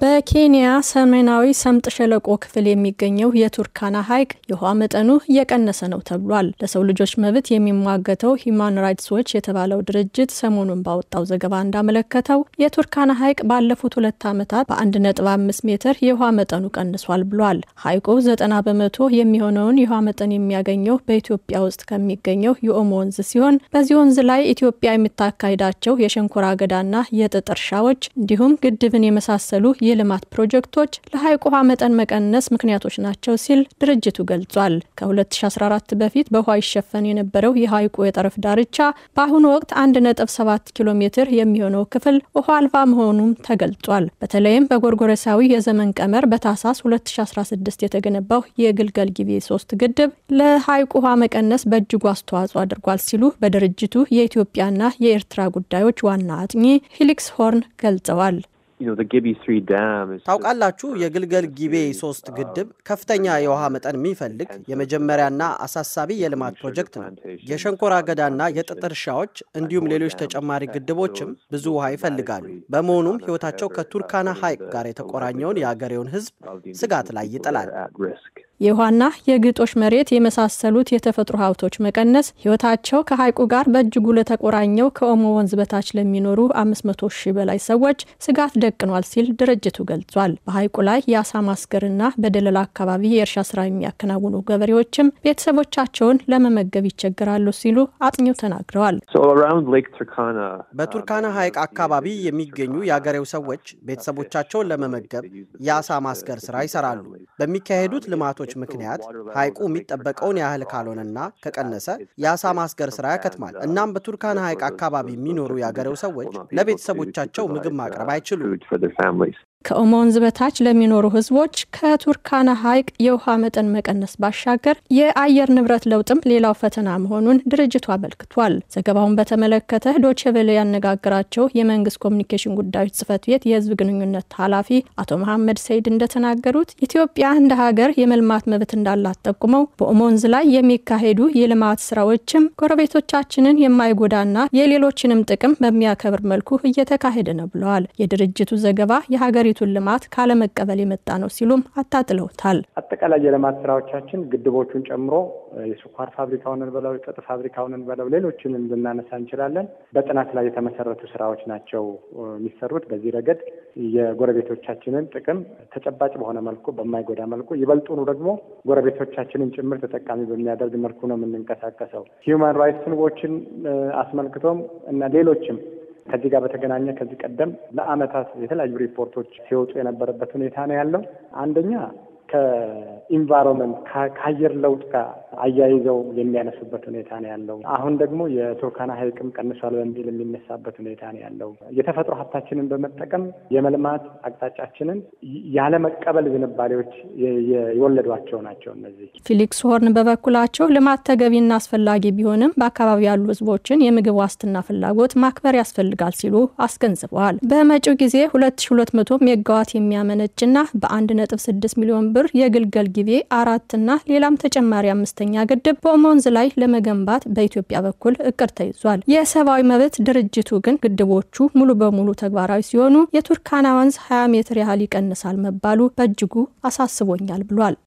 በኬንያ ሰሜናዊ ሰምጥ ሸለቆ ክፍል የሚገኘው የቱርካና ሐይቅ የውሃ መጠኑ እየቀነሰ ነው ተብሏል። ለሰው ልጆች መብት የሚሟገተው ሂማን ራይትስ ዎች የተባለው ድርጅት ሰሞኑን ባወጣው ዘገባ እንዳመለከተው የቱርካና ሐይቅ ባለፉት ሁለት ዓመታት በ1.5 ሜትር የውሃ መጠኑ ቀንሷል ብሏል። ሐይቁ 90 በመቶ የሚሆነውን የውሃ መጠን የሚያገኘው በኢትዮጵያ ውስጥ ከሚገኘው የኦሞ ወንዝ ሲሆን በዚህ ወንዝ ላይ ኢትዮጵያ የምታካሂዳቸው የሸንኮራ አገዳና የጥጥ እርሻዎች እንዲሁም ግድብን የመሳሰሉ የልማት ፕሮጀክቶች ለሐይቅ ውሃ መጠን መቀነስ ምክንያቶች ናቸው ሲል ድርጅቱ ገልጿል። ከ2014 በፊት በውሃ ይሸፈን የነበረው የሐይቁ የጠረፍ ዳርቻ በአሁኑ ወቅት 1.7 ኪሎ ሜትር የሚሆነው ክፍል ውሃ አልባ መሆኑም ተገልጿል። በተለይም በጎርጎረሳዊ የዘመን ቀመር በታሳስ 2016 የተገነባው የግልገል ጊቤ 3 ግድብ ለሐይቁ ውሃ መቀነስ በእጅጉ አስተዋጽኦ አድርጓል ሲሉ በድርጅቱ የኢትዮጵያና የኤርትራ ጉዳዮች ዋና አጥኚ ፊሊክስ ሆርን ገልጸዋል። ታውቃላችሁ የግልገል ጊቤ ሶስት um, ግድብ ከፍተኛ የውሃ መጠን የሚፈልግ የመጀመሪያና አሳሳቢ የልማት ፕሮጀክት ነው። የሸንኮራ um, አገዳና የጥጥ እርሻዎች እንዲሁም ሌሎች ተጨማሪ ግድቦችም ብዙ ውሃ ይፈልጋሉ። um, በመሆኑም ሕይወታቸው ከቱርካና ሐይቅ ጋር የተቆራኘውን የአገሬውን ሕዝብ ስጋት ላይ ይጥላል። የውሃና የግጦሽ መሬት የመሳሰሉት የተፈጥሮ ሀብቶች መቀነስ ሕይወታቸው ከሐይቁ ጋር በእጅጉ ለተቆራኘው ከኦሞ ወንዝ በታች ለሚኖሩ 500 ሺህ በላይ ሰዎች ስጋት ደቅኗል ሲል ድርጅቱ ገልጿል። በሀይቁ ላይ የአሳ ማስገርና በደለላ አካባቢ የእርሻ ስራ የሚያከናውኑ ገበሬዎችም ቤተሰቦቻቸውን ለመመገብ ይቸገራሉ ሲሉ አጥኚው ተናግረዋል። uh, በቱርካና ሐይቅ አካባቢ የሚገኙ የአገሬው ሰዎች ቤተሰቦቻቸውን ለመመገብ የአሳ ማስገር ስራ ይሰራሉ። በሚካሄዱት ልማቶች በመኪኖች ምክንያት ሐይቁ የሚጠበቀውን ያህል ካልሆነና ከቀነሰ የአሳ ማስገር ስራ ያከትማል። እናም በቱርካን ሐይቅ አካባቢ የሚኖሩ የአገሬው ሰዎች ለቤተሰቦቻቸው ምግብ ማቅረብ አይችሉም። ከኦሞ ወንዝ በታች ለሚኖሩ ህዝቦች ከቱርካና ሐይቅ የውሃ መጠን መቀነስ ባሻገር የአየር ንብረት ለውጥም ሌላው ፈተና መሆኑን ድርጅቱ አመልክቷል። ዘገባውን በተመለከተ ዶቼቬሌ ያነጋገራቸው የመንግስት ኮሚኒኬሽን ጉዳዮች ጽህፈት ቤት የህዝብ ግንኙነት ኃላፊ አቶ መሐመድ ሰይድ እንደተናገሩት ኢትዮጵያ እንደ ሀገር የመልማት መብት እንዳላት ጠቁመው በኦሞ ወንዝ ላይ የሚካሄዱ የልማት ስራዎችም ጎረቤቶቻችንን የማይጎዳና የሌሎችንም ጥቅም በሚያከብር መልኩ እየተካሄደ ነው ብለዋል። የድርጅቱ ዘገባ የሀገር የሀገሪቱን ልማት ካለመቀበል የመጣ ነው ሲሉም አታጥለውታል አጠቃላይ የልማት ስራዎቻችን ግድቦቹን ጨምሮ የስኳር ፋብሪካውንን በለው ጥጥ ፋብሪካውንን በለው ሌሎችንም ልናነሳ እንችላለን። በጥናት ላይ የተመሰረቱ ስራዎች ናቸው የሚሰሩት። በዚህ ረገድ የጎረቤቶቻችንን ጥቅም ተጨባጭ በሆነ መልኩ በማይጎዳ መልኩ ይበልጡኑ ደግሞ ጎረቤቶቻችንን ጭምር ተጠቃሚ በሚያደርግ መልኩ ነው የምንንቀሳቀሰው። ሂውማን ራይትስ ንቦችን አስመልክቶም እና ሌሎችም ከዚህ ጋር በተገናኘ ከዚህ ቀደም ለአመታት የተለያዩ ሪፖርቶች ሲወጡ የነበረበት ሁኔታ ነው ያለው። አንደኛ ከኢንቫይሮንመንት ከአየር ለውጥ ጋር አያይዘው የሚያነሱበት ሁኔታ ነው ያለው። አሁን ደግሞ የቱርካና ሐይቅም ቀንሷል በሚል የሚነሳበት ሁኔታ ነው ያለው። የተፈጥሮ ሀብታችንን በመጠቀም የመልማት አቅጣጫችንን ያለመቀበል ዝንባሌዎች የወለዷቸው ናቸው። እነዚህ ፊሊክስ ሆርን በበኩላቸው ልማት ተገቢና አስፈላጊ ቢሆንም በአካባቢ ያሉ ህዝቦችን የምግብ ዋስትና ፍላጎት ማክበር ያስፈልጋል ሲሉ አስገንዝበዋል። በመጪው ጊዜ 2200 ሜጋዋት የሚያመነጭና በ1.6 ሚሊዮን ብር ብር የግልገል ጊቤ አራትና ሌላም ተጨማሪ አምስተኛ ግድብ በኦሞ ወንዝ ላይ ለመገንባት በኢትዮጵያ በኩል እቅድ ተይዟል። የሰብአዊ መብት ድርጅቱ ግን ግድቦቹ ሙሉ በሙሉ ተግባራዊ ሲሆኑ የቱርካና ወንዝ 20 ሜትር ያህል ይቀንሳል መባሉ በእጅጉ አሳስቦኛል ብሏል።